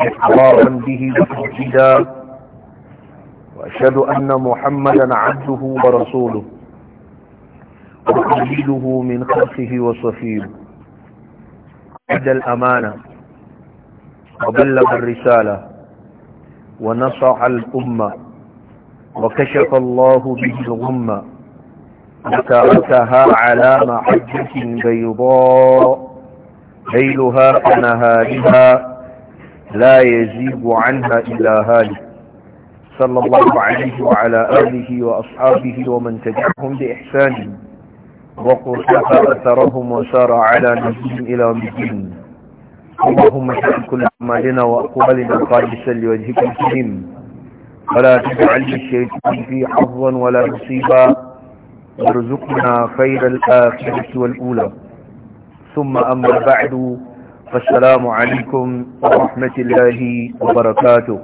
إقرارا به وتوحيدا وأشهد أن محمدا عبده ورسوله وقليله من خلقه وصفيه أدى الأمانة وبلغ الرسالة ونصع الأمة وكشف الله به الغمة وتركها على محجة بيضاء ليلها كنهارها لا يزيد عنها إلا هالك صلى الله عليه وعلى آله وأصحابه ومن تبعهم بإحسان وقرتها أثرهم وسار على نبيهم إلى مدين اللهم اجعل كل أعمالنا وأقوالنا خالصا لوجهك الكريم ولا تجعل للشيطان في حظا ولا نصيبا وارزقنا خير الآخرة والأولى ثم أما بعد السلام عليكم ورحمة الله وبركاته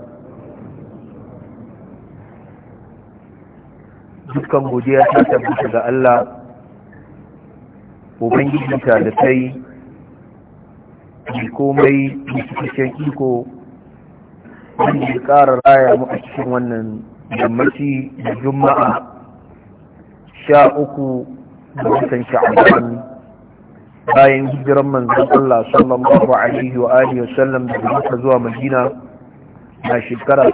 dukkan godiya ta tabbata ga Allah ubangiji ta da kai mai komai cikin iko wanda ya ƙara raya mu a cikin wannan yammaci da juma'a sha uku da watan sha'aban bayan hijiran manzon Allah sallallahu alaihi wa alihi wasallam daga Makka zuwa Madina na shekara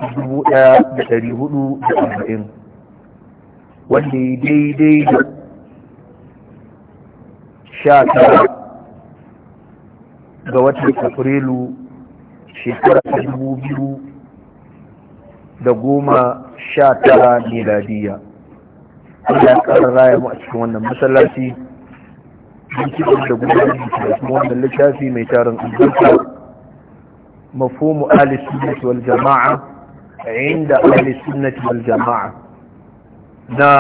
1440 wanda ya daidai da sha tara ga watan Afrilu shekara ta dubu biyu da goma sha tara miladiya. Allah ya ƙara raya mu a cikin wannan masallaci don cikin da gudanar da karatu wannan littafi mai tarin albarka mafhumu ahli sunnati wal jama'a inda ahli sunnati wal jama'a na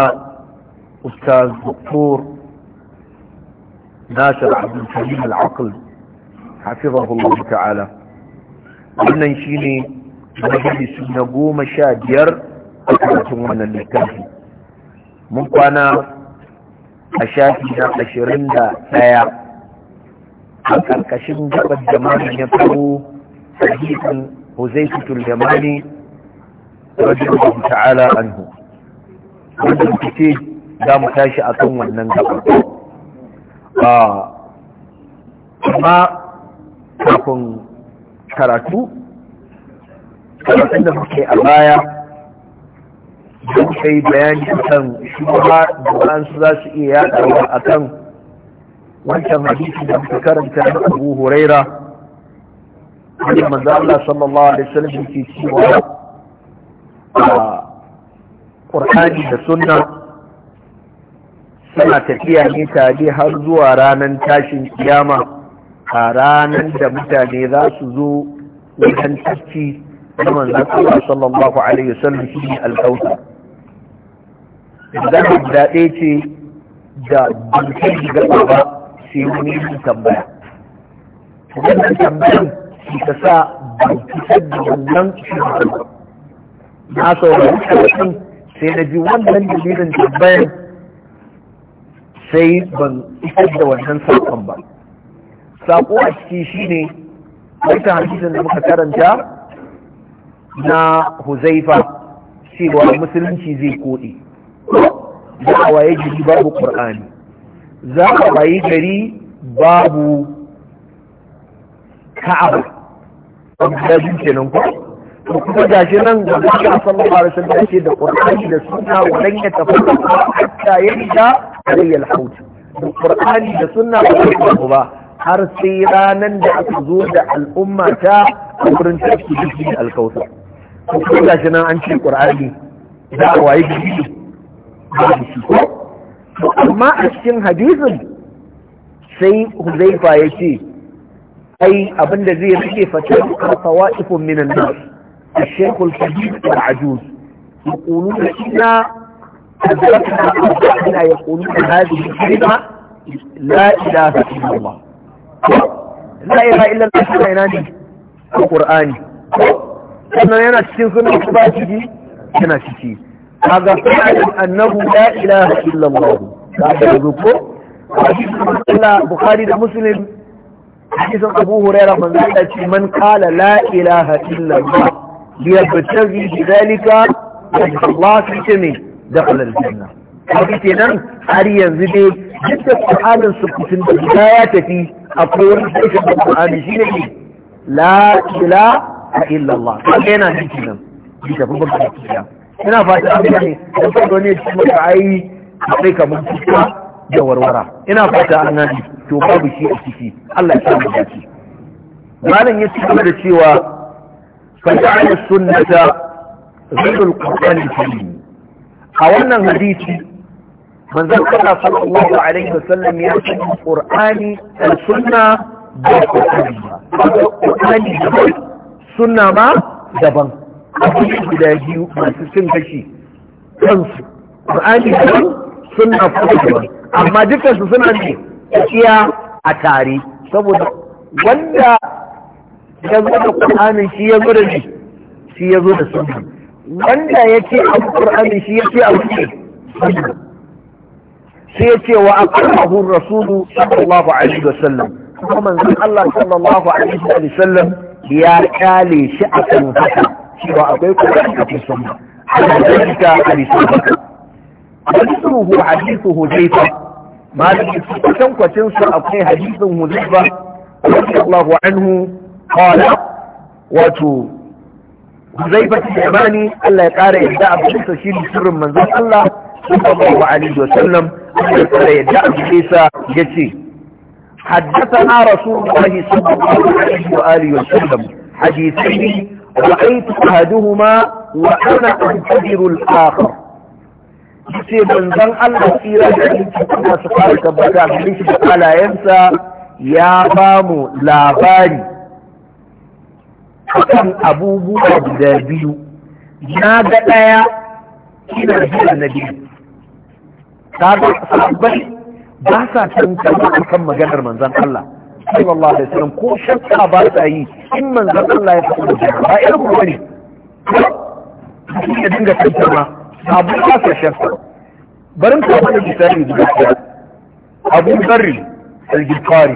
ustaz doktor nasir abdul karim al-aql hafizahullah ta'ala wannan shine majalisi na goma sha biyar a karatun wannan littafi mun kwana a shafi na ashirin da ɗaya a ƙarƙashin gabar jamani ya kawo sahihin huzaifatul jamani radiyallahu ta'ala anhu wanda fice za mu tashi a kan wannan gabar amma kafin karatu karatun da muke a baya don kai bayani kan shugaba da an su za su iya yaɗawa a kan wancan hadisi da muka karanta na abu huraira wanda manzo Allah sallallahu alaihi wasallam yake cewa a Qur'ani da Sunna suna tafiya ne tare har zuwa ranar tashin kiyama a ranar da mutane za su zo wajen tafki na manzo Allah sallallahu alaihi wasallam shi ne alƙawta zama daɗe ce da bankin shiga gaba sai wani yin tambaya wannan tambayan shi ka sa ban fitar wannan shirin na saurari karatun sai na ji wannan dalilin tambayan sai ban isar da wannan saƙon ba saƙo a ciki shine wata hadisin da muka karanta na huzaifa cewa musulunci zai koɗe za a waye gari babu ƙur'ani za a waye gari babu ka'aba abu da kenan ku? to kuma ga shi nan da a sallallahu alaihi wasallam yake da ƙur'ani da suna wannan ya tafakkara hatta yadda alayhi al-haut da ƙur'ani da suna sunna ya ba har sai ranar da aka zo da al'umma ta a wurin tafi da alkausa to kuma ga shi nan an ce ƙur'ani za a waye gari amma a cikin hadisin sai huzaifa ya ce ai abinda zai rike fatan kafawa ifin minan nas الشيخ الكبير والعجوز يقولون إنا أدركنا أبناءنا يقولون هذه الكلمة لا ba إلا الله لا إله إلا ne a القرآن sannan yana cikin sunan ba ciki yana ciki kaga fa'alin annahu la ilaha illa Allah kaga zuko Allah Bukhari da Muslim hadisin Abu Hurairah manzo Allah ce man qala la ilaha illa Allah liyabtaghi bidhalika Allah fi tami dakhala al-janna kaga kenan har yanzu dai duk da Qur'anin su kutun da ya tafi akwai wani sashen da Qur'ani shi ne la ilaha illa Allah kaga yana cikin nan bisa babban kiyama ina fata an gane da farko ne shi maka ai sai ka mun da warwara ina fata an gane to babu shi a ciki Allah ya samu dace malam ya ci da cewa fa ta'ala sunnata ghadul qur'an fi a wannan hadisi manzon Allah sallallahu alaihi wasallam ya ce qur'ani al-sunna da qur'ani ba qur'ani daban sunna ma daban akwai guda biyu masu cin kashi kansu Qur'ani daban sunna kuma daban amma dukansu suna ne iya a tare saboda wanda ya zo da Qur'anin shi ya zo da shi shi ya zo da sunna wanda ya ce abu Qur'anin shi ya ce abu sunna sai ya ce wa aqrahu rasulu sallallahu alaihi wa wasallam kuma manzon Allah sallallahu alaihi wasallam ya kale shi a akan haka cewa akwai kowa a cikin sunna ana dalika hadisin baka hadisuhu hadisu hudayfa malami kusan kwacin su akwai hadisin hudayfa radiyallahu anhu qala wato Huzaifa Yamani Allah ya ƙara yadda a bisa shi sirrin manzon Allah sallallahu alaihi wa sallam Allah ya ƙara yadda a bisa yace حدثنا رسول الله صلى الله عليه وآله وسلم حديثين ra'aytu ahaduhuma wa ana antajiru al-akhar yace manzon Allah tsira da Allah su fara tabbata da shi da alayensa ya ba mu labari akan abubuwa guda biyu na ga ɗaya ina jiran na biyu ta ga sabai ba sa tantama akan maganar manzon Allah sallallahu alaihi wasallam ko shakka ba ta yi in manzon Allah ya faɗi da ba irin ku bane ya dinga tantama abu ba ta shakka barin ka faɗi misali da gaskiya Abu Dharr al-Ghifari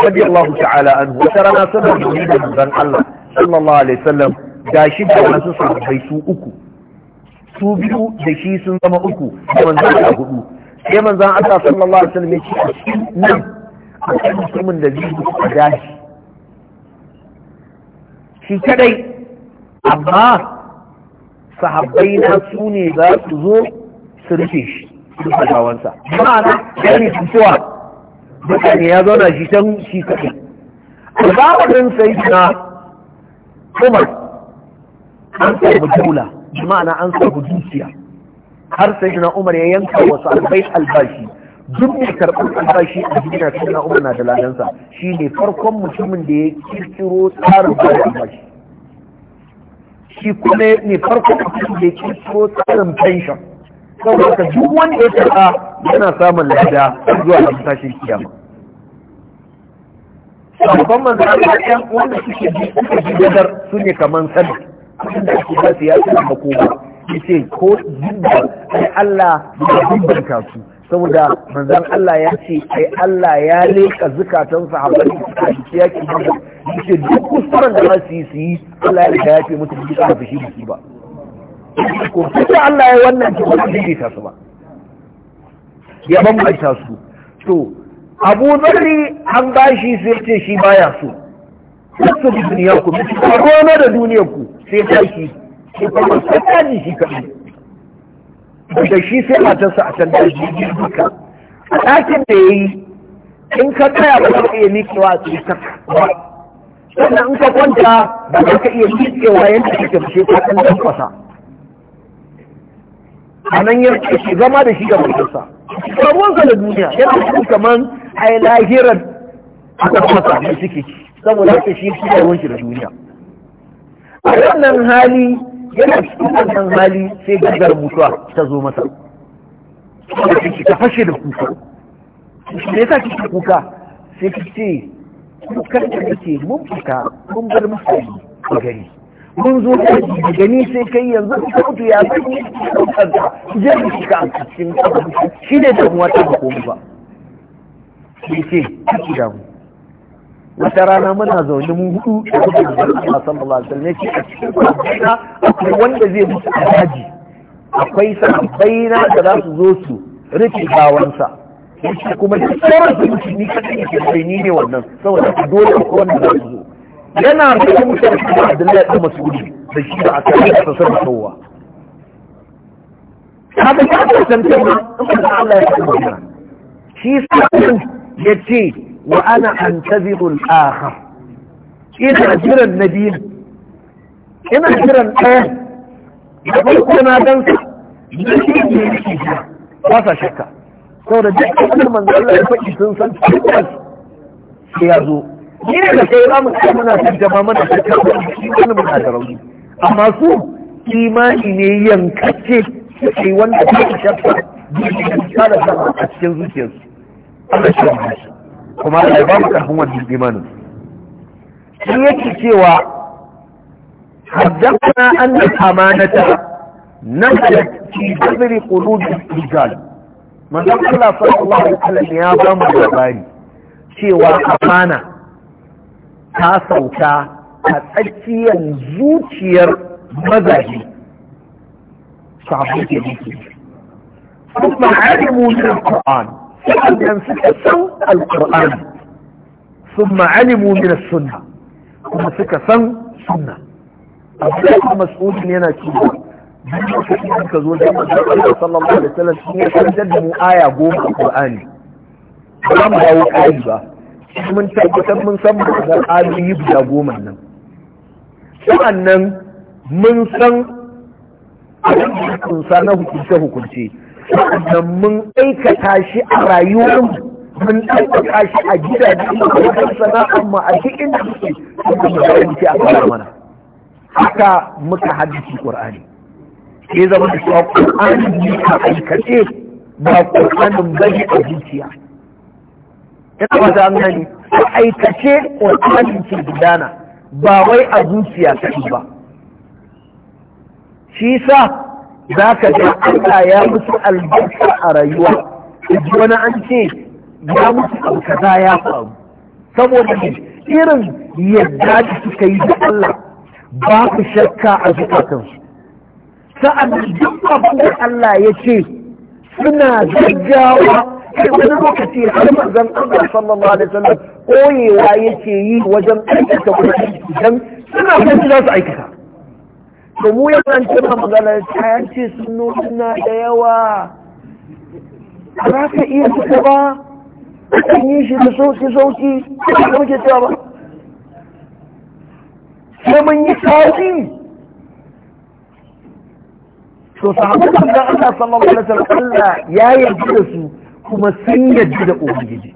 radiyallahu ta'ala anhu wata na sanar da ni da manzon Allah sallallahu alaihi wasallam gashi da wasu sahabbai su uku su biyu da shi sun zama uku da manzon Allah hudu sai manzon Allah sallallahu alaihi wasallam ya ce nan akwai mutumin da zai a gashi shi kadai amma sahabbai na su ne za su zo su rufe shi su fadawansa ma'ana ya ne fitowa mutane ya zauna shi can shi kaɗai a zamanin sai na umar an samu jula ma'ana an samu dukiya har sai na umar ya yanka wasu albai albashi duk mai karɓar albashi a duniya na umar na da ladansa shi ne farkon mutumin da ya kirkiro tsarin bayar albashi shi kuma ne farkon mutumin da ya kirkiro tsarin pension saboda duk wanda ya karɓa yana samun lada zuwa da lamisashin kiyama sabon manzo Allah wanda suke bi suke bi gadar su ne kamar sani da ake ba su ya ce ko zubba ai Allah ya bambanta su saboda manzan Allah ya ce ai Allah ya leka zukatan sahabbai a cikin yakin Uhud yace duk kuskuren da za su yi su yi Allah ya riga ya ce musu duk da fushi da ba ko kuma Allah ya wannan ki ba zai ta su ba ya ta su to Abu Zarri an bashi sai ce shi baya so su bi duniyar ku na da duniyar ku sai ta shi ko kuma sai ta shi kadai da shi sai matarsa a can daji duka a ɗakin da ya yi in ka kaya ba za ka iya miƙewa a tsirka sannan in ka kwanta ba za ka iya miƙewa yadda kake fushe ta ɗan ɗan kwasa a nan ya ce zama da shi ga matarsa sa da duniya yana shi kamar yi lahirar a kwasa mai suke saboda haka shi shi da da duniya a wannan hali yana cikin wannan hali sai gaggar mutuwa ta zo masa ta fashe da kuka me yasa kike kuka sai ki ce kukan da nake mun fita mun bar mutane a gari mun zo da gani sai kai yanzu ka mutu ya kai ne kanka je ki shiga a cikin shi ne da mu ta ba komai ba sai ce ki damu wata rana muna zaune mu hudu da kuma da Allah sallallahu alaihi wasallam yake a cikin kwanciya akwai wanda zai mutu a daji akwai sahabbai na da za su zo su rufe bawansa yake kuma da sauran su mutu ni kadai yake sai ni ne wannan saboda dole akwai wanda za su zo yana da mutu da Abdullahi da Masudi da shi da aka yi a sassan kowa haka ya kasance ma in ba Allah ya kasance shi sa ya ce wa ana antaziru al-akhar ina jiran nabiyin ina jiran ɗaya da farko na gansa da shi ne yake jira ba sa shakka saboda duk abin manzo Allah ya faɗi sun san tabbas sai ya zo ni da kai za mu kai muna tarjama mana shakka wani muna da rauni amma su imani ne yankacce sai wanda ba shakka da shi da a cikin zuciyarsu Allah shi ya kuma Allah ba mu karfin wannan imanin sai yake cewa haddathana anna amanata nazalat fi sadri qulubi rijal manzon Allah sallallahu alaihi wasallam ya ba mu labari cewa amana ta sauka a tsakiyar zuciyar mazaje sahabbai ke kuma alimu min al-Qur'an sa'annan suka san alƙur'ani sun ma'alimu min sunna kuma suka san sunna abdullahi mas'ud yana cewa duk lokacin ka zo da manzon sallallahu alaihi wasallam shi ya karantar da mu aya goma a Qur'ani ba mu dawo kai ba mun tabbatar mun san ma'anar ayoyi guda goma nan sa'annan mun san abin kunsa na hukunce hukunce da mun aikata shi a rayuwar mun aikata shi a gidaje da sana'ar mu a duk inda muke da mu a fara mana haka muka haddace qur'ani ke zama da cewa qur'ani ne a aikace ba qur'anin bane a zuciya ina ba ta gani a aikace qur'ani ke gudana ba wai a zuciya ta ba shi sa za ka ga Allah ya musu albarka a rayuwa ji wani an ce ya mutu abu kaza ya faru saboda irin yadda da suka yi da Allah ba ku shakka a zukatansu sa'an duk abu da Allah ya ce suna gaggawa sai wani lokaci har manzon Allah sallallahu alaihi wasallam koyewa yake yi wajen aikata wani dan suna ganin za su aikata ba mu yana cimma maganar ta sun nuna da yawa ba ka iya fita ba kan yi shi da sauki-sauki da muke cewa ba sai mun yi tsari to sahabban da Allah sallallahu alaihi wasallam Allah ya yarda da su kuma sun yarda da ubangiji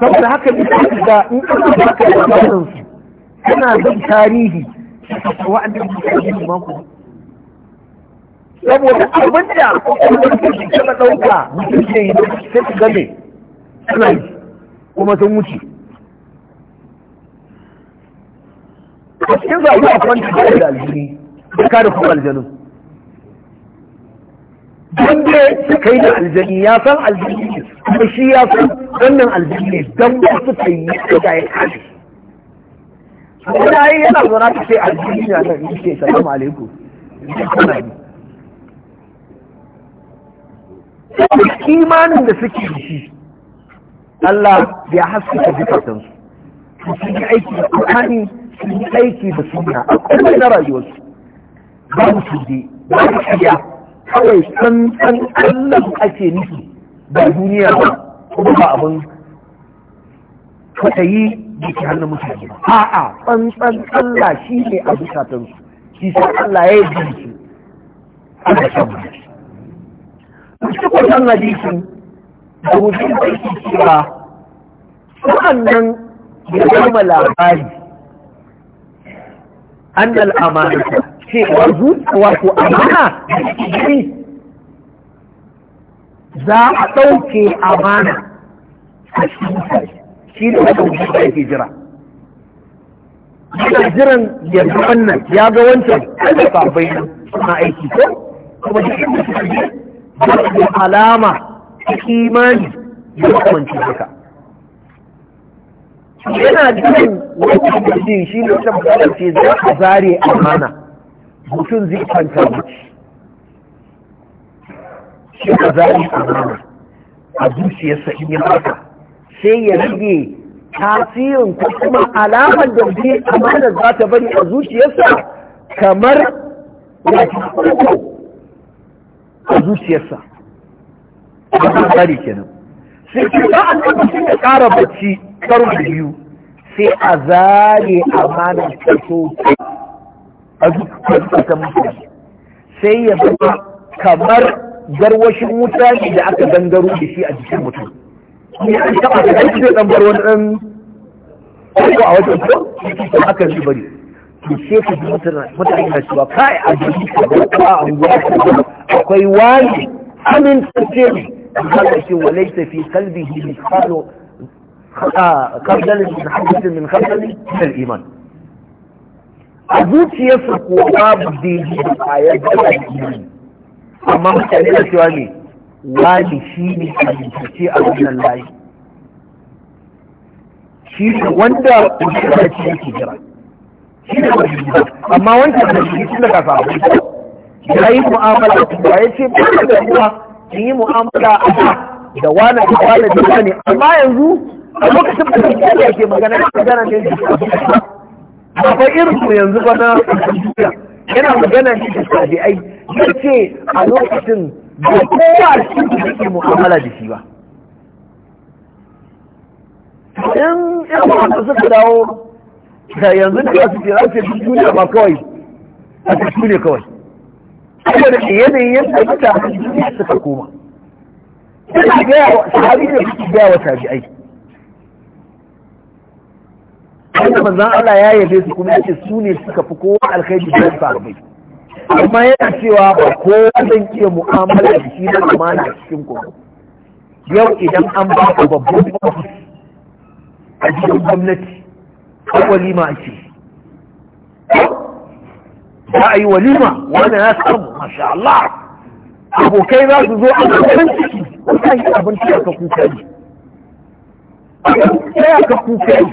saboda haka ne da in ba baka labarin su kana bin tarihi wa'annan mutane ma ku saboda abin da kuma suka ɗauka yi sai su game suna yi kuma sun wuce a cikin zaɓi a kwanta da aljini da kare kuma aljanin wanda suka yi da aljani ya san aljani ne kuma shi ya san wannan aljani ne don ba suka yi da ya kare yana yi yana zo na kace addini na ta yake salamu alaikum imanin da suke da shi Allah ya haskaka zukatansu sun yi aiki da Qur'ani yi aiki da sunna a komai na rayuwarsu babu suje babu shiya kawai san san Allah ake nufi ba duniya ba kuma ba abin yi. da ke hannun mutane ba a'a tsantsan Allah shi ne a zukatan su shi sai Allah ya yi jiki su Allah ya mutane shi ko san hadisin da mutum bai ci cewa sa'annan ya zama labari an da annal amanata wa zuwa ko amana da za a ɗauke amana a cikin shi ne wata mutum da yake jira yana jiran ya ga wannan ya ga wancan an da sabai nan suna aiki ko kuma duk inda suka je ba su da alama ta imani ya kamanci haka yana jiran wani da shi ne wata magana za a zare amana mutum zai kwanta ci. shi ka zare amana a zuciyarsa in yi haka sai ya rage tasirin ko kuma alamar da zai amana za ta bari a zuciyarsa kamar a zuciyarsa a tsari kenan sai ce ba a shi da tsara bacci karo da biyu sai a zare amana ta so a zuciyarsa mutum sai ya zama kamar garwashin mutane da aka gangaro da shi a jikin mutum ya taba da shi zai dan bar wani dan ko a wajen ko haka shi bari to sai ka ji mutane na cewa kai a jiki ka a unguwa akwai wani amin tsere Allah shi walaita fi qalbihi mithqalu kardalin min hadisin min kardalin min iman a zuciyarsa ko babu daidai a yadda amma mutane na cewa ne wani shi ne halittace a wannan layi shi ne wanda kusurwa shi yake jira shi ne wani amma wancan da shi tun da kasa abu ya yi mu'amala ba ya ce ba da kuma in yi mu'amala a da da wani da wani da wani amma yanzu a lokacin da shi ne ke magana da magana ne akwai irin su yanzu ba na yana magana ne da sabi'ai ya ce a lokacin ba kowa a cikin da mu'amala da shi ba in yan dawo yanzu da ba kawai a cikin ne kawai saboda yanayin yadda duniya suka koma suna gaya wa gaya wa wanda Allah ya yabe su kuma yake su ne suka fi kowa alkhairi da sahabbai amma yana cewa ba ko zan iya mu'amala da shi na amana cikin ku yau idan an ba ku babban ofis a cikin gwamnati ko walima ake. ce za a yi walima wani ya samu masha Allah abokai za su zo a cikin ciki wata yi abinci aka kuka yi aka kuka yi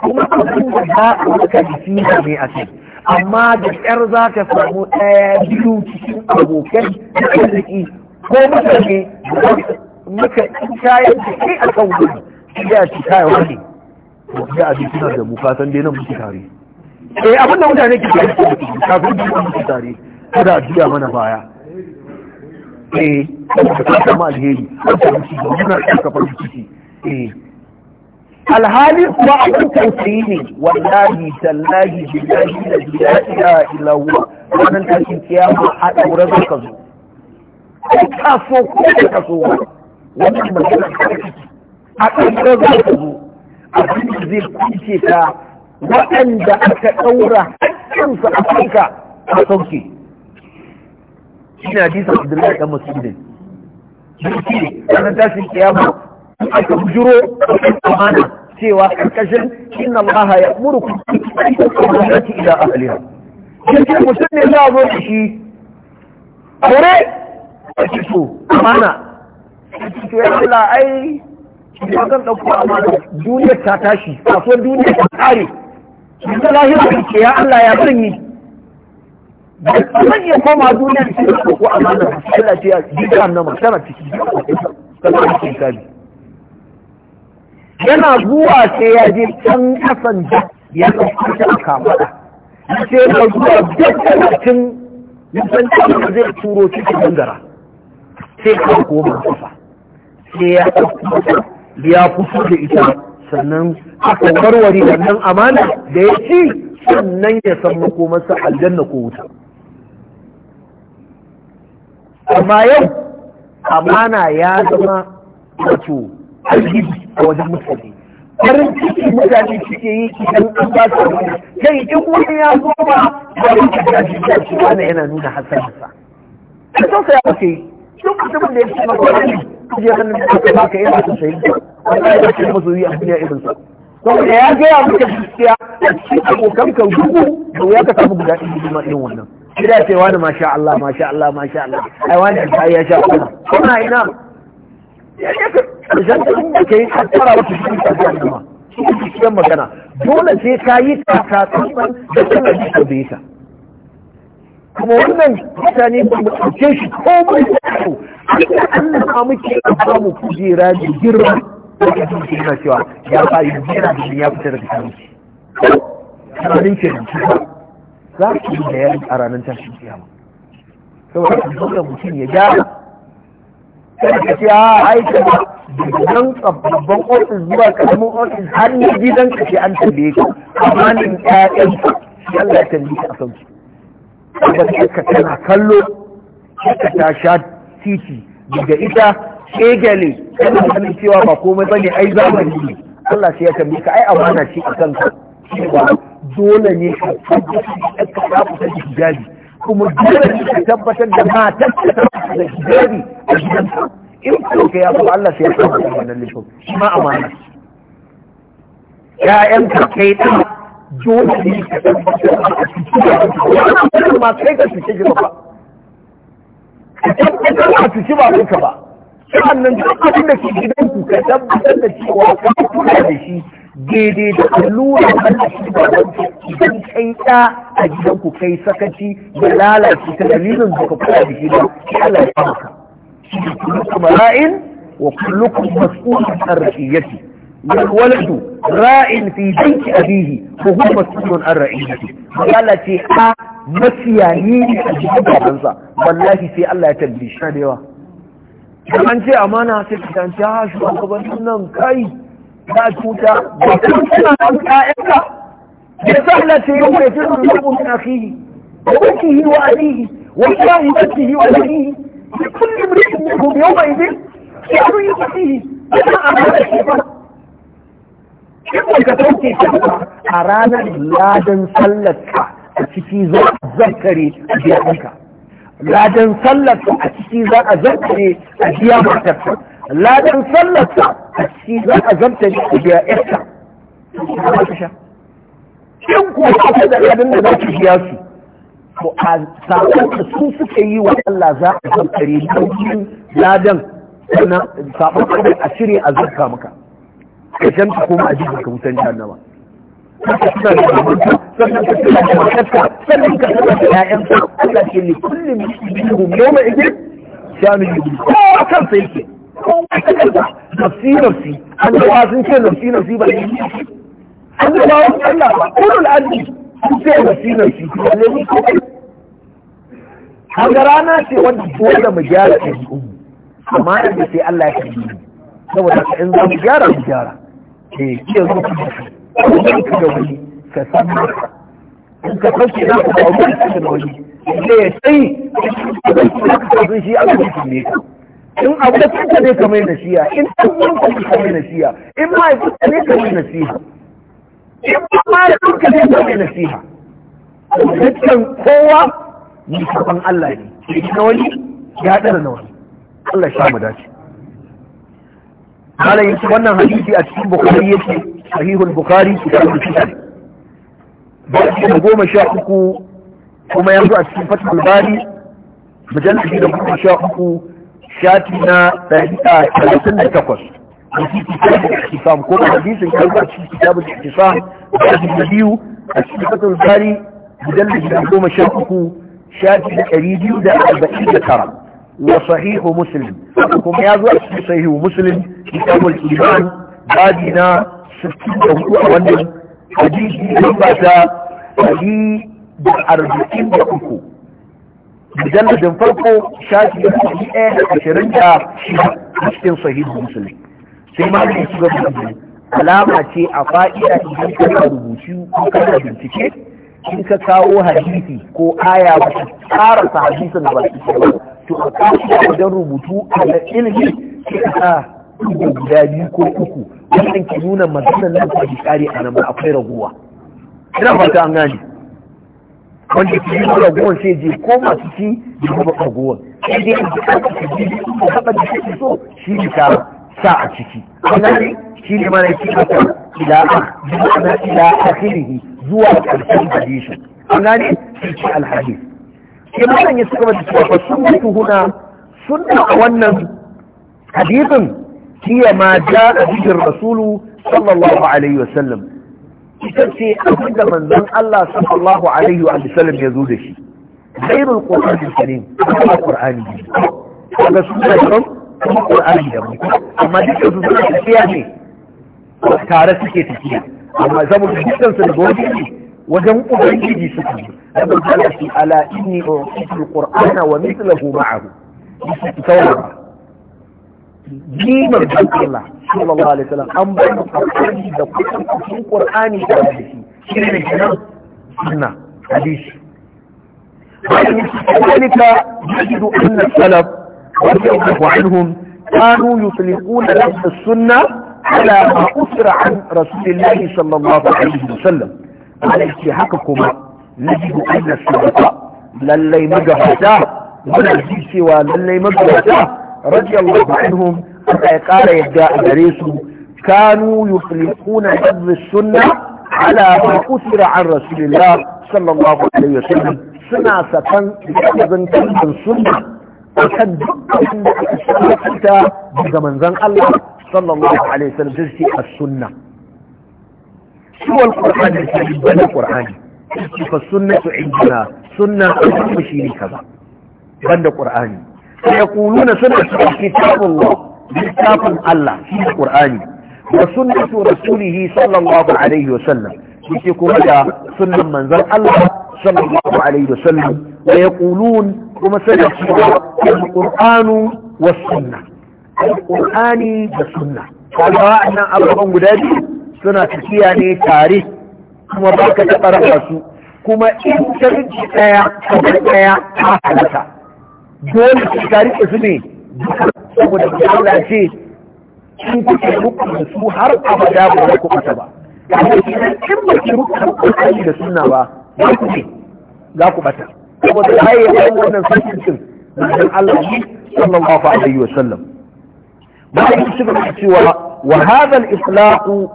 kuma abin da za a kuka jiki da mai a cikin amma da ƙyar za ka samu ɗaya biyu cikin abokan arziki ko mutane muka kayan da ke a kan wani ya ci kaya wani ya a jikin da mu kasan dai nan muke tare eh abinda mutane ke da kafin biyu nan muke tare kada juya mana baya eh kuma ta kama alheri kuma ta mutu da muna kafar ciki eh alhali kuwa abin tausayi ne wallahi tallahi billahi da billahi ya ila huwa wannan tashin kiyama a daura za ka zo kai ka so ko ka ka so wannan magana a daura za ka zo abin da zai kunce ka waɗanda aka ɗaura hakkinsu a kanka a sauke ina hadisa abdullahi dan masudin wannan tashin kiyama aka bujuro amana cewa karkashin inna Allah ya muru ku amanati ila ahliha shi mutum ne za a zo da shi aure a cikin amana a ya Allah ai ba zan ɗauko amana Duniya ta tashi kasuwar duniya ta kare yanzu lahira ce ya Allah ya sanyi. zan iya koma duniya duniyar ta ɗauko amana Allah ce ya ji jihar na masana ciki jihar na masana yana zuwa sai ya je can kasan da ya ɗauki a kamada sai ya zuwa duk talatin nisan cewa zai turo cikin bangara sai ya koma kafa sai ya ɗauki ya kusa da ita sannan aka warware wannan amana da ya ci sannan ya san makomarsa aljanna ko wuta amma yau amana ya zama wato alhiji a wajen mutane farin ciki mutane suke yi idan an ba su wani kai in wani ya zo ba ba yi ka gaji ya ci wani yana nuna hasanarsa a sauka ya mace duk mutumin da ya ci maka wani kuje hannun da aka baka yana da sayi wanda ya ce masu yi a duniya irin sa saboda ya gaya maka gaskiya a cikin abokan kan dubu da ya ka samu guda ɗin hidima ɗin wannan. Ina cewa da masha Allah, masha Allah, masha Allah, ai wani ya sha kuna, Kuma ina idan yi hattara wata shi ta jama'a shi cikin magana dole sai ka yi takatsan da kana ji ka bai ta kuma wannan mutane ba mu ɗauke shi komai da su Allah Allah ma muke ba mu kujera da girma da ke cikin yana cewa ya ba yi jira da ya fita daga kan shi tunanin ke nan za su yi da yaran a ranar tashin kiyama saboda kan dole mutum ya gyara kada ka ce a ah, aika gidan babban ofis zuwa karamin ofis har ne gidan ka ce an tambaye ka amma ne ƴaƴan shi Allah ya tambaye ka akan su saboda ka tana kallo ka ta sha titi daga ita egale kana ganin cewa ba komai ba ne, ai zamani ne Allah sai ya tambaye ka ai amana shi a kanka. cewa dole ne ka tabbata ka ta fita hijabi umarci da tabbatar da matar da hijabi a gidansa in ko ka ya Allah sai ya kawo wannan lishon shi ma amana ƴaƴan ka kai da dole ne ka tabbatar da su da wannan ma kai ka su ci ba ka tabbatar da su ci ba kuka ba sannan duk abin da ke gidanku ka tabbatar da cewa ka kula da shi daidai da allura da shi da wancan idan kai ɗa a gidanku kai sakaci da lalace ta dalilin da ka kula da shi ba sai Allah ya maka shi ne kullukum ra'in wa kullukum mas'ulun an ra'iyati wal waladu ra'in fi baiti abihi wa huwa mas'ulun an ra'iyati Allah ce a makiyayi ne a gidan babansa wallahi sai Allah ya tambaye shi da yawa idan an ce amana sai ka tanci ha shugabannin nan kai na cuta ba kuma suna nan بسهلة يوم يفر المرء من أخيه وبنته وأبيه وصاحبته وأبيه لكل امرئ منهم يومئذ خيار يؤتيه أما أمام الحفر أرانا لادن صلتك أتكي زوء الزكري أديامك لادن صلتك أتكي زوء الزكري أديامك لادن صلتك أتكي زوء الزكري أديامك in ku aka da abin da za ki biya su to a sakon da su suka yi wa Allah za a zartare dokin ladan sannan sakon da a shirya a zarka maka ka janta koma a jikin ka wutan jahannama sannan ka tuna da matarka sannan ka tuna da ƴaƴanka Allah ke ne kullum minhum yawma igin shanu yubin kowa kansa yake kowa kansa nafsi nafsi an sun ce nafsi nafsi ba ne an da bawa Allah ba kulul ardi sai da shi ne shi ne ni ko kaga rana ce wanda dole mu gyara ɗabi'un amma inda sai Allah ya karbi mu saboda ka in za mu gyara mu gyara eh iya zo ku ka ga wani ka san in ka za ku ba wani ka da wani ne ya tsayi ka san shi Allah ya karbi ka in abu da kanka ne kamar nasiha in ɗan uwanka ne kamar nasiha in ma'aikata ne kamar nasiha in ba ma da duka zai zama nasiha dukkan kowa mai karban Allah ne na wani ya ɗara na wani Allah sha mu dace Kala yake wannan hadisi a cikin Bukhari yake sahihul Bukhari kitabul Fitan babu da goma sha uku kuma yanzu a cikin Fathul Bari mujalladi da goma sha uku shati na ɗari a da takwas da shi hadisin kalmar shi kitabul ihtisam da biyu a cikin fatul bari mujallad da goma sha uku shafi ɗari biyu da arba'in da tara wa sahihu kuma ya zo a cikin sahihu muslim kitabul iman babi na sittin da a wannan ba ta ɗari da arba'in da uku shafi ɗari ɗaya da a cikin sahihu sai ma zai shiga rubutu alama ce a fa'ida idan kana rubutu ko kana bincike in ka kawo hadisi ko aya ba ta karasa hadisin da ba su ba to a kashi wajen rubutu a na ilimi sai ka sa guda biyu ko uku wannan ke nuna maganar nan ta kare a nan ba akwai raguwa ina fata an gane wanda ke yi ragowar sai je ko masu ci da kuma ragowar sai dai in ka kasa ka ji ko ka so shi ne kara sa a ciki wannan shi ne mana shi ne san ila ana ila akhirihi zuwa karshen hadisi an gane shi ce alhadis sai malam ya saka da cewa sunnatu huna sun a wannan hadisin ya ma a bihi rasulu sallallahu alaihi wasallam ita ce abin da manzon Allah sallallahu alaihi wa sallam ya zo da shi غير القرآن الكريم القرآن الكريم هذا سنة kuma ƙur'ani da mu amma dukkan su suna tafiya ne tare suke tafiya amma saboda dukkan su daga wani ne wajen ubangiji suke yi daga Allah shi ala inni uqitul qur'ana wa mithluhu ma'ahu su tawana jimar da Allah sallallahu alaihi wasallam an ba mu qur'ani da kusan kusan qur'ani da hadisi shine kenan sunna hadisi وذلك يجد أن السلف الله عنهم كانوا يطلقون لفظ السنة على ما أسر عن رسول الله صلى الله عليه وسلم على اتحاقكما نجد أن السلطة للي مجهدا ونجد سوى للي مجهدا رضي الله عنهم حتى قال يدعى دريسه كانوا يطلقون لفظ السنة على ما أسر عن رسول الله صلى الله عليه وسلم سنة ستن لفظ السنة akan dukkan da aka shafarta daga manzon Allah sallallahu alaihi wasallam da shi as-sunna shi wal qur'ani shi bal qur'ani shi fa sunnatu indana sunna kuma shi ne kaza banda qur'ani sai yaquluna sunnatu kitabullah littafin Allah shi ne qur'ani da sunnatu rasulihi sallallahu alaihi wasallam shi kuma da sunnan manzon Allah sallallahu alaihi wasallam wa yaqulun kuma suna cewa al-qur'anu was sunna al-qur'ani da sunna kaga wannan guda biyu suna tafiya ne tare kuma ba ka taɓa su kuma in ta rike ɗaya ka bar ɗaya ta halatta dole ka ka rike su ne saboda Allah ce in kuke rukun da su har abada ba za ku ba. Kamar in ba ki rukun da suna ba, za ku ne za ku bata saboda ya yi yawan wannan sarkin cin manzon Allah ne sallallahu alaihi wa sallam bayan shi ga cewa wa hadha al-islaqu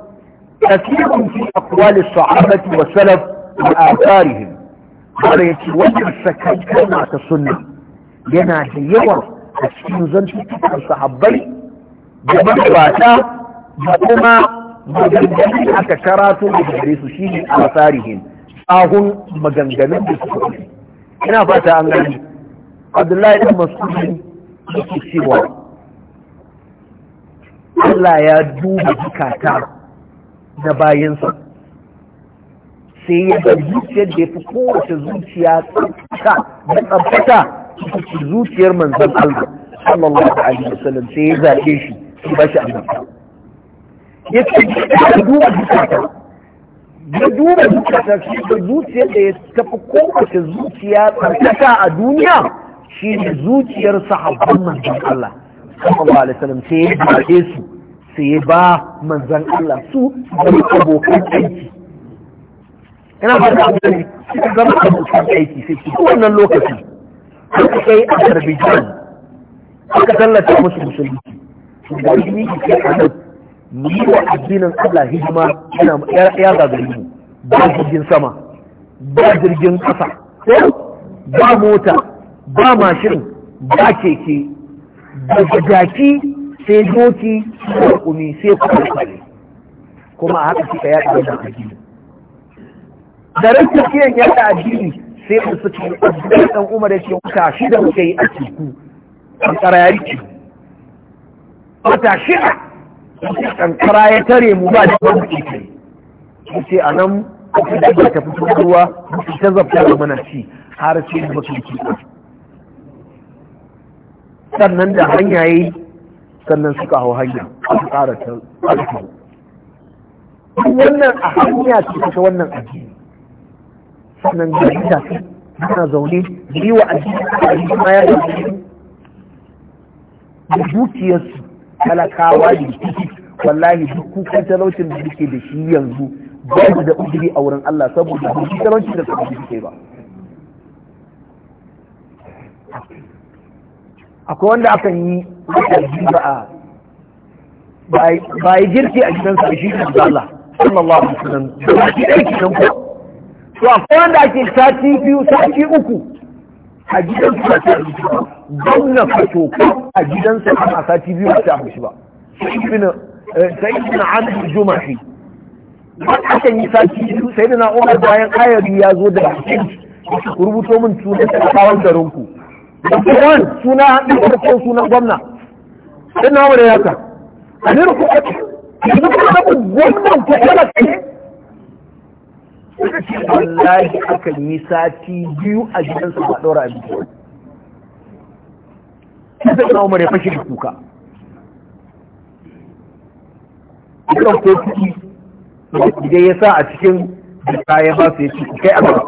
kathirun fi aqwali as-sahabati wa salaf wa atharihim bare yace wannan sakai kalma ta sunna yana da yawa a cikin zantukan sahabbai da mabata da kuma maganganun aka karatu da gare su shine a tsarihin ahun maganganun da suka ina fata an gani abdullahi da yi yake cewa Allah ya duba zukata na bayansa sai ya ga zuciyar da ya fi kowace zuciya tsabta da tsabtata ita zuciyar manzan Allah sallallahu alaihi wasallam sai ya zaɓe shi sai ba shi annabta ya ce ya duba zukata da duba zuciyar shi da zuciyar da ya tafi kowace zuciya tsarkaka a duniya shi ne zuciyar sahabban manzan Allah sallallahu alaihi wasallam sai ya baɗe su sai ya ba manzan Allah su da abokan aiki ina ba da abin da zama abokan aiki sai ki wannan lokaci aka kai a Azerbaijan aka tallata musu musulunci su ga shi ne ke a mu yi wa addinin Allah hidima yana ya gagari mu ba jirgin sama ba jirgin ƙasa ba mota ba mashin ba keke daga jaki sai doki ko kumi sai kare kuma a haka suka yaɗa wannan addini da rashin kiyan yaɗa addini sai mu suke addini ɗan umar ya ce wata shida muka yi a teku an ƙarayar ce wata shida kankara ya tare mu ba da wani ƙiƙi ce a nan kuma da ta fito ruwa ta zafta da mana ci har sai da mutum ci sannan da hanya yi sannan suka hau hanya aka ƙara ta ƙarfi wannan a hanya ce ta wannan addini sannan da ita ana zaune yi wa addini a yi ma ya zaune da dukiyarsu talakawa da ciki wallahi duk kukan talaucin da suke da shi yanzu su da ujiri a wurin Allah saboda ba shi talaucin da suke ba akwai wanda aka yi wata a ba yi girki a gidan sa shi ne da Allah sallallahu alaihi wasallam da shi ɗaiki nan ko to akwai wanda ake sati biyu sati uku a gidansu ba ta abinci ba gwamna ko a gidansa a sati biyu ba ta abinci ba eh, sai ibn amr jumahi hakan yi sati biyu sai da na'urar bayan ayari ya zo da ku rubuto min sunan talakawan garinku Kuwan suna hannun farko sunan gwamna sai na wani yaka a ne ake yanzu ku talaka ne wallahi aka yi sati biyu a gidansa ba ɗora abinci sai na umar ya fashe da kuka idan ko kuɗi idan ya sa a cikin jika ya ba su ya ci kai a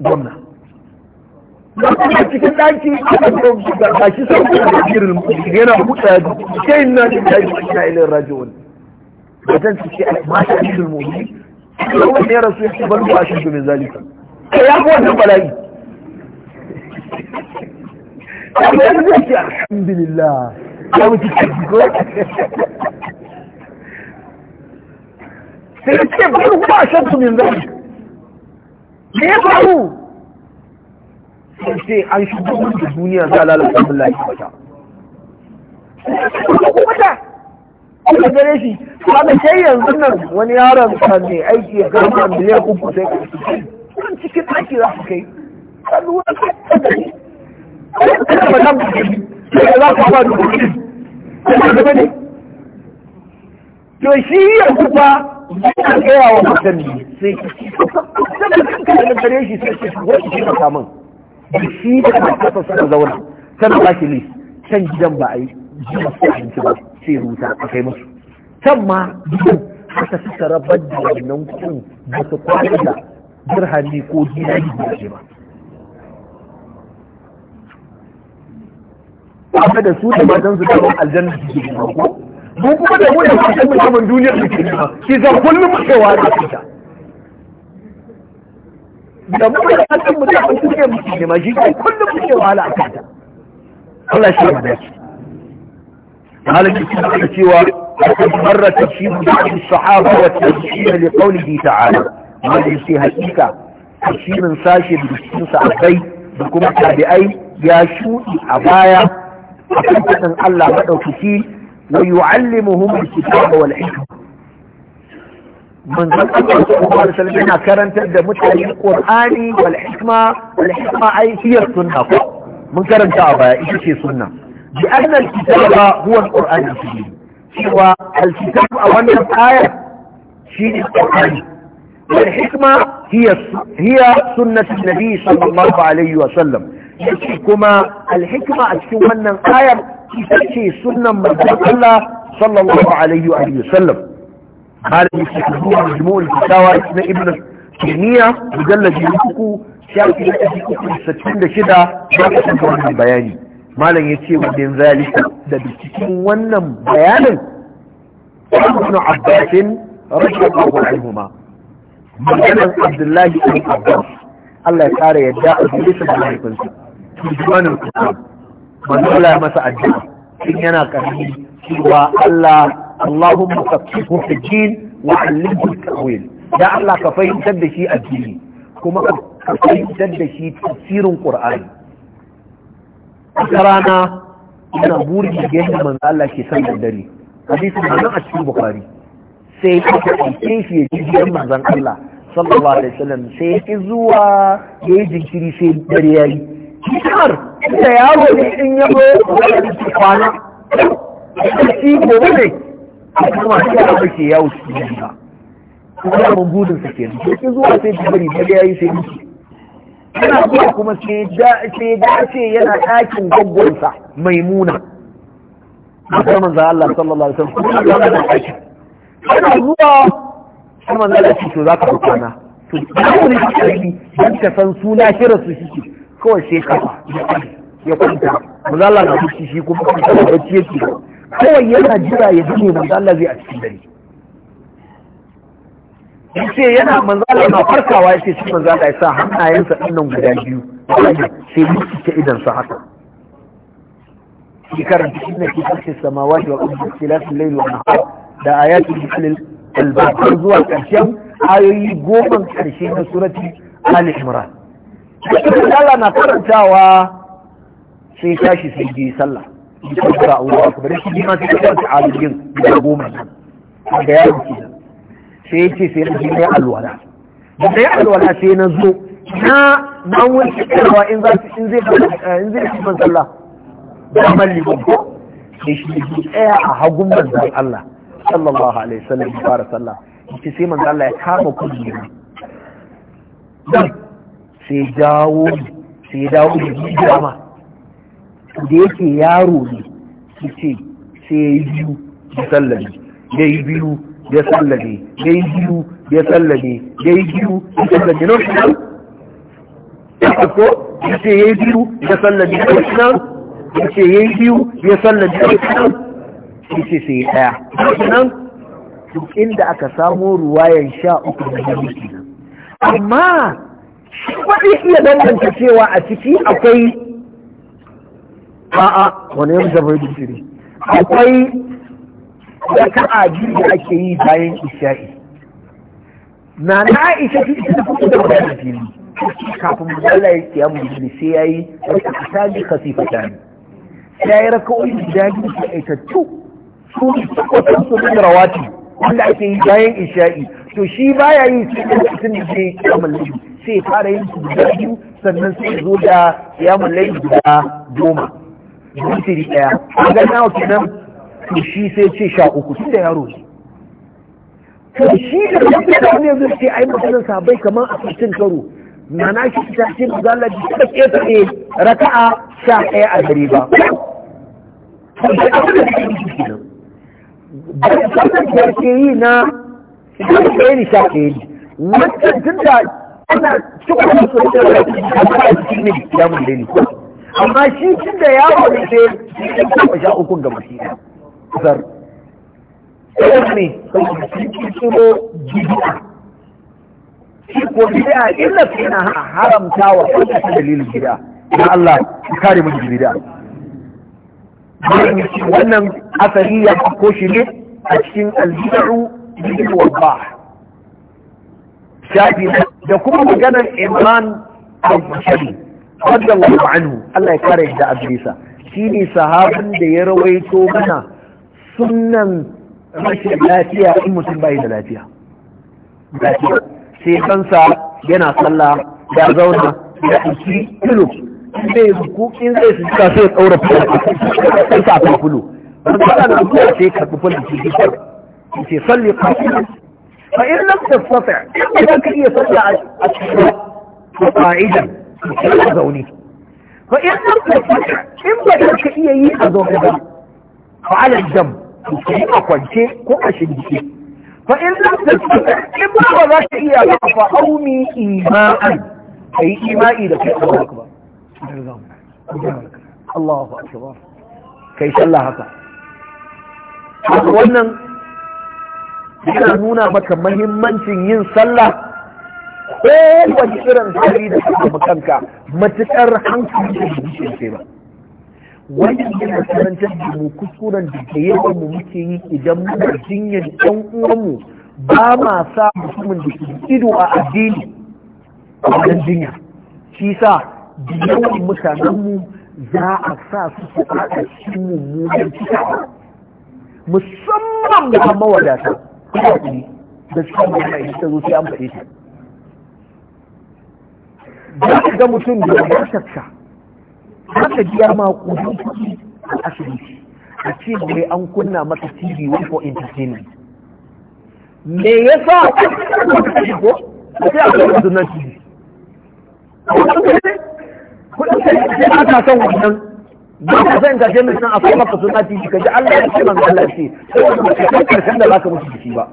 gwamna a cikin ɗaki a shi sau da jirin yana buɗa da kai na jirgin kai na ilin rajiyon da zan su ce a mata ilin mummuni yawon ne rasu ya ce bar a shi mai zalika kai ya fi wannan bala'i ya zai alhamdulillah ya wuce cikin ko sai ce bar ba shi me ya faru sai an shigo da duniya za a lalata mun lafiya wata ya gare shi da kai yanzu nan wani yaron ka ne aiki ya karɓa miliyan kuku sai ka kan cikin aiki za su kai ka lura ka gani ba nan sai za ka ba da ne to shi yanzu fa yana gaya wa ne sai ka ci ka gare shi sai ka wani shi ka samun shi da ka tafa suka zauna can ba shi lis can gidan ba a yi jima su abinci ba sai ruta a kai musu can ma dukkan haka suka rabar da wannan kuɗin ba su kwana da dirhami ko dinari da ba haka da su da matan su kamar aljanna su ke gina ko mu kuma da mu da matan mu duniyar su ke gina shi zan kullum mu cewa da su ta da mu da matan mu da su ke mu shi zan kullum mu cewa da su ta Allah shi ya dace مالك يقول سوى وقد مر تفسير بعض الصحابة والتفسير لقوله تعالى مالك يسي إيكا تفسير ساشي بجسين سعبي بكم تابعي يا شو أبايا أن الله مدوكسي ويعلمهم الكتاب والحكمة من ذلك الله صلى الله عليه وسلم هنا كرنت متعلم القرآن والحكمة والحكمة أي هي السنة من كرنت أبايا إيش هي السنة لأن الكتاب هو القرآن الكريم سوى الكتاب أولا الآية في القرآن والحكمة هي هي سنة النبي صلى الله عليه وسلم الحكمة الحكمة الآية في شيء سنة من الله صلى الله عليه وآله وسلم قال يستخدمون مجموع الفتاوى اسم ابن تيمية مجلد يوكو شاكي أجيكو في الستين شدة شاكي أجوان البياني malam ya ce wa bin zalika da cikin wannan bayanin ibn abbas radiyallahu anhu ma maganar abdullahi ibn abbas Allah ya kare yadda a cikin da mahaifinsa tujumanin kusa manzo Allah ya masa addu'a in yana karfi cewa Allah Allahumma faqihu fi din wa 'allimhu at-ta'wil ya Allah ka fahimtar da shi addini kuma ka fahimtar da shi tafsirin ƙur'ani. wata rana yana burgi ga yadda manzo Allah ke san da dare hadisin nan a cikin bukhari sai ya ce shi ya ji gidan manzon Allah sallallahu alaihi wasallam sai ya ki zuwa ya yi jinkiri sai dare ya yi har da yaro ne in ya zo ya kwana shi gobe ne a kuma shi ya ba ke yawo shi ba kuma mun budin sa kenan sai ki zuwa sai dare ya yi sai yana iya kuma sai dace yana ɗakin gaggonsa maimuna akwai manzo Allah sallallahu alaihi wasallam yana da ɗakin yana zuwa sai manzo Allah ce za ka rubuta na to dole ki karbi don ka san suna kira su shi kawai sai kafa ya kwanta manzo Allah na shi shi kuma da bacci yake kawai yana jira ya ji manzo Allah zai a cikin dare yace yana manzala na farkawa yace shi manzala ya sa hannayensa dinnan guda biyu sai mutu ta idan sa haka shi karanta inna fi khalqis samawati wa ardi ikhtilafil layli wan nahar da ayatul jalil albar zuwa karshen ayoyi goma karshe na surati ali imran Allah na karantawa sai tashi sai ji sallah ya fara aure da shi ma sai karanta da goma da yayin kenan sai ya ce sai na je ya alwala da na alwala sai na zo na na wuce karawa in za su in zai eh, in zai ci sallah da malli ko sai shi ne tsaya a hagun manzon Allah sallallahu alaihi wasallam ya fara sallah yace sai manzon Allah ya kama kudi ne sai dawo sai dawo da dama da yake yaro ne ce sai ya yi biyu da sallah ya yi biyu ya sallabe, ya yi biyu ya sallabe, ya yi biyu ya sallabe na shi nan ya ko ya ce ya yi biyu ya sallame na shi nan ya ce ya yi biyu ya sallame na shi nan ya ce sai ɗaya na shi nan duk inda aka samo ruwayan sha uku da na shi nan amma shi kwaɗi iya danganta cewa a ciki akwai a'a wani yamsa bai akwai raka'a biyu da ake yi bayan isha'i na na aisha ta ita kuma da wannan fili kafin Allah ya kiya mu ne sai yayi raka'a bi ne. sai ya yi guda biyu da ita tu su ko san su da rawati wanda ake yi bayan isha'i to shi baya yi sai da ne ke kiyamun laifi sai fara yin su guda biyu sannan sai zo da kiyamun laifi guda goma wutiri daya ga nawa kenan to shi sai ce sha uku tun da yaro ne to shi da kafin da wani yanzu ce ai maganar sabai kamar a cikin karo mana shi ta ce maganar da ta ƙetare raka'a sha ɗaya a gari ba da ke yi na ɗaya ni sha ke yi wancan tun da ana cikin wasu da ya cikin ne ya mun daini amma shi tun da yawon ne sai kuma sha ukun ga masu zar ɗaya ne saboda shi kirkiro bidi'a shi ko bidi'a illa fi na haramta wa kanta ta dalilin bidi'a na Allah ki kare mu bidi'a wannan asali ya ko shi ne a cikin albida'u bidi'u wa ba shafi da kuma maganar iman al-bashari radiyallahu anhu Allah ya kare da Shi ne sahabin da ya rawaito mana سنن لاتيا ام سبايد لاتيا لاتيا سي كانسا جنا صلى دا زونا يا حسي كلو بي بوكو ان زي سكا سي اوروبا كانسا كلو انا بقول سي كبل سي سي صلي قاصد فان لم تستطع اما كان كي يصلي عشر قاعدا زوني فان لم تستطع اما كان كي يصلي عشر قاعدا فعلى الجنب ka a kwance ko a shingike fa in za ta in ba ba za ta iya ba fa aumi ima'an ka yi ima'i da kai Allah akbar Allahu akbar kai sallah haka wannan yana nuna maka mahimmancin yin sallah wani irin hali da suka makanka matuƙar hankali da shi ba wannan yana karantar da mu kuskuren da ke yawan mu muke yi idan muna jinyar ɗan uwanmu ba ma sa mutumin da ke ido a addini a wajen jinya shi sa da yawan mutanenmu za a sa su su haɗa cikin mummunan cikawa musamman da kan mawadata kuma ne da suka mana yi ta zo sai an faɗe shi za ka ga mutum da ya shakka haka biya ma kudin kuɗi a asibiti a ce wai an kunna maka tv wai for entertainment me yasa ko a ce a kai wasu nan tv aka san wannan ba ka je entertainment nan a kai maka na tv ka ji Allah ya ce man Allah ce sai ka karshen da ka mutu jiki ba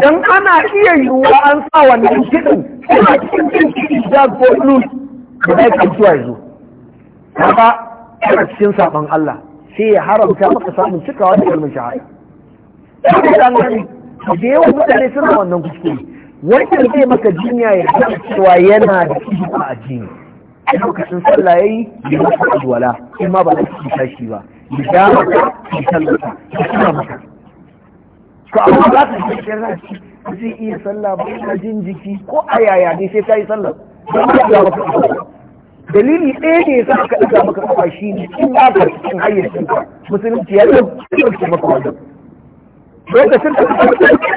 dan ana iya yiwuwa an sa wannan kiɗin suna cikin jin kiɗi da ko blues da zai kamtuwa yanzu kaga kana cikin saban Allah sai ya haramta maka samun cikawa da kalmar shahada gani, da yawan mutane suna wannan kuskure wanda zai maka jinya ya san cewa yana da iko a jini lokacin sallah yayi ya maka azwala in ma ba da cikin tashi ba ya ga maka ya sallata ya kuma maka ko amma ba ta shi kira shi zai iya sallah ba yana jin jiki ko a yaya ne sai ta yi sallah ba ya maka dalili ɗaya ne sa aka ɗaga maka kafa shi ne in ba ka cikin hayyacin ka musulunci ya ɗauke maka wannan lokacin da kuka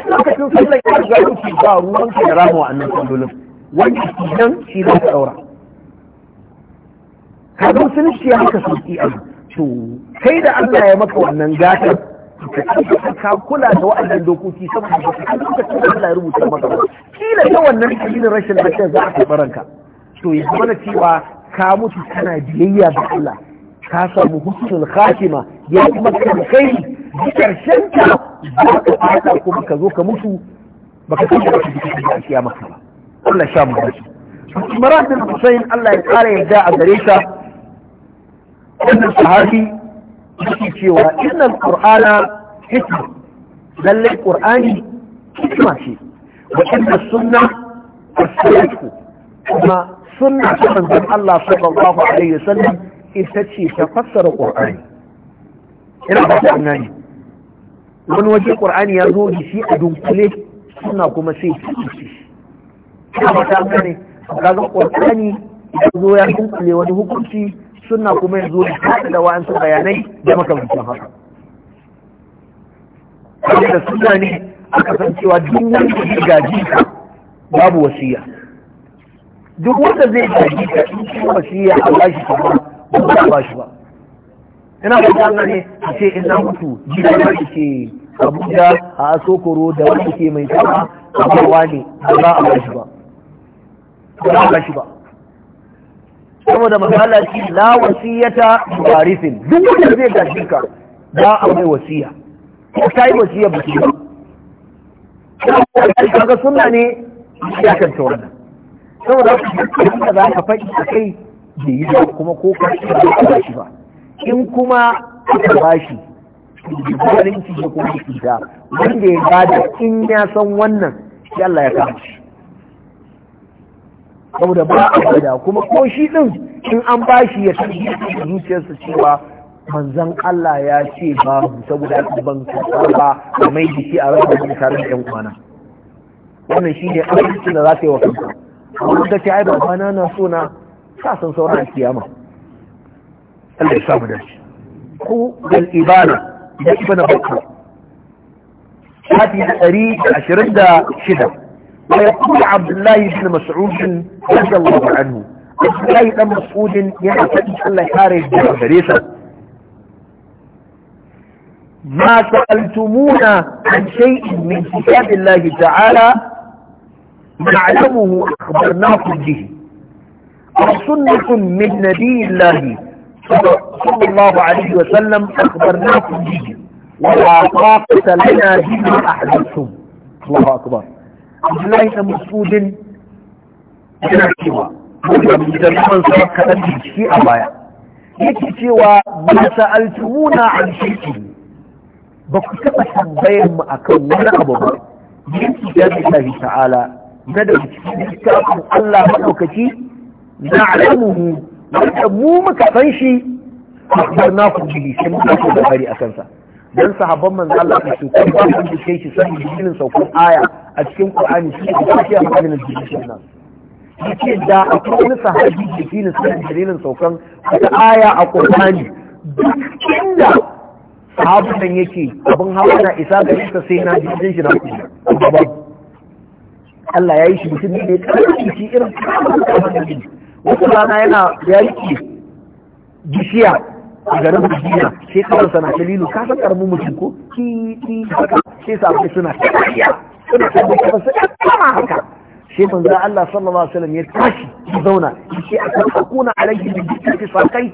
lokacin sallar ya ga rufi ba ruwan ka da rama wa'annan sallolin wanda shi nan shi za ka ɗaura ka musulunci ya haka sauki a to kai da Allah ya maka wannan gatar ka kula da wa'annan dokoki saboda lokacin da Allah ya rubuta maka kila ta wannan dalilin rashin lafiya za a karɓi ranka to ya zama na cewa ka mutu kana biyayya da Allah ka samu husnul khatima ya kuma kai karshen ta za ka fata kuma ka zo ka mutu baka san da kake da kiyama ba Allah sha mu dace Imran bin Hussein Allah ya kare yadda a gare ta wannan sahabi yake cewa innal qur'ana hikma lalle qur'ani hikma ce wa inna sunna as kuma sunna ta manzon Allah sallallahu alaihi wasallam ita ce ta fassara qur'ani ina ba ta annani wani waje qur'ani ya zo da shi a dunkule suna kuma sai ta ci ina ba ta ga ga qur'ani ya zo ya dunkule wani hukunci suna kuma ya zo da da wa'ansu bayanai da makamantan haka da suna ne aka san cewa duk wani gaji babu wasiya duk wanda zai gaji ka in shi ya a bashi ka ba ba ba a ba ina ba ta ne a ce ina mutu gidan shi ke abuja a asokoro da wanda ke mai sama a bawa ne ba a bashi ba ba za a bashi ba saboda masala ce la wasiyata barifin duk wanda zai gaji ka ba a mai wasiya ko ta yi wasiya ba shi ba kaga suna ne ya kanta wannan saboda da za ka faɗi a kai da yi ba kuma ko ka ci ba ka shi ba in kuma ka ba shi zalunci da kuma cuta wanda ya bada in ya san wannan shi Allah ya kama shi saboda ba a bada kuma ko shi din in an ba shi ya tafi zuciyarsa cewa manzan Allah ya ce ba saboda ake ban karɓa ba a mai jiki a rasa da 'yan kwana wannan shi ne amincin da za ta yi wa kanka wanda ta aiba kwana na suna sa san sauran kiyama Allah ya samu da shi ku gal ibada da ibn bakr shafi ɗari ashirin da shida wa yaqulu abdullahi ibn mas'ud radiyallahu anhu abdullahi dan mas'ud yana faɗi Allah ya kare da gare sa ما سألتمونا عن شيء من كتاب الله تعالى نعلمه اخبرناكم به او سنه من نبي الله صلى الله عليه وسلم اخبرناكم به ولا طاقه لنا بما احدثتم الله اكبر عبد الله بن مسعود من yake cewa ba sa'alci muna an shirki ba ku taɓa tambayar mu a kan wani abu ba yin su na da littafin Allah maɗaukaki na alamuhu wanda mu muka san shi akbar na ku bihi sai muka so da bari a kansa dan sahabban manzo Allah ta su kuma ba su kai shi sai jinin saukon aya a cikin Qur'ani shi da shi a maganar na nan yace da akwai wani sahabi da jinin sai jinin saukan wata aya a Qur'ani duk inda sahabban yake abin hawa na isa ga isa sai na jinin shi na kuma Allah ya yi shi mutum ne karfi shi irin Wasu rana yana ya rike bishiya a garin Madina sai kawai sana kalilu ka san karamin mutum ko ki ki haka sai sabu suna kariya suna kariya kafa sai kama haka sai manzo Allah sallallahu alaihi wasallam ya tashi ya zauna shi a kan kuna alaihi bi dikki sakai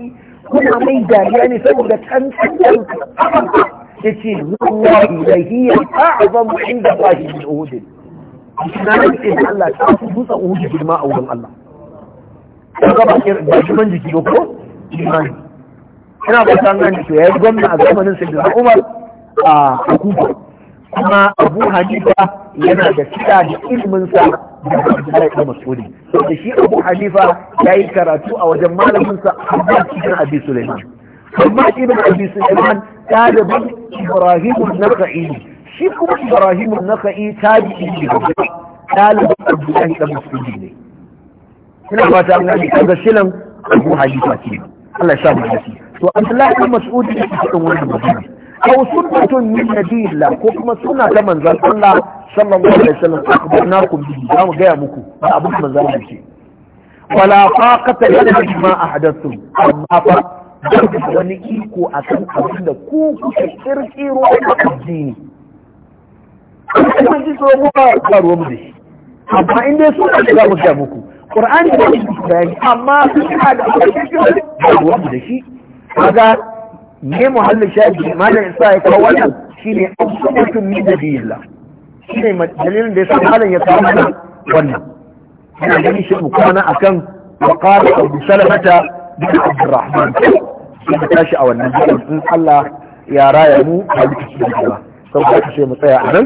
Kuma mai dariya ne saboda kan kan yace wallahi lahiya a'zamu inda Allah min uhud na da Allah ta fi dutsen uhudu girma a wurin Allah ta jiki ko ina ba ta gani to gwamna a zamanin sai da Umar a Kufa kuma Abu Hanifa yana da kira da ilimin sa da Abdullahi ibn Mas'ud da shi Abu Hanifa yayi karatu a wajen malamin sa Abbas ibn Abi Sulaiman Abbas ibn Abi Sulaiman talibin Ibrahim an-Nakhai shi kuma ibrahim na an-nakhai tabi'i ne dalibin abdullahi da musulmi ne ina fata an gani kaga shilan abu halifa ce Allah ya sa mu nasi to abdullahi da mas'ud ne ke cikin wannan magana aw sunnatun min nabiyillah ko kuma sunna ta manzon Allah sallallahu alaihi wasallam akhbarnakum bihi za mu gaya muku ba abin manzon Allah ce wala faqata lana ma ahdathu amma fa wani iko akan abin da ku kuke kirkiro a addini kuma jin tsoro mu ba ba ruwan mu da shi amma in dai su ne za mu ga muku qur'ani da shi bayani amma su ka da ruwan mu da shi kaga ne muhallin shafi malam isa ya kawo wannan shine abdullahi min nabiyillah shine dalilin da yasa malam ya kawo wannan yana ganin shi mu kwana akan وقال أبو سلمة بن عبد الرحمن sun tashi a wannan jikin in Allah ya raya mu a lokacin da ba sau da kashe mu tsaya a nan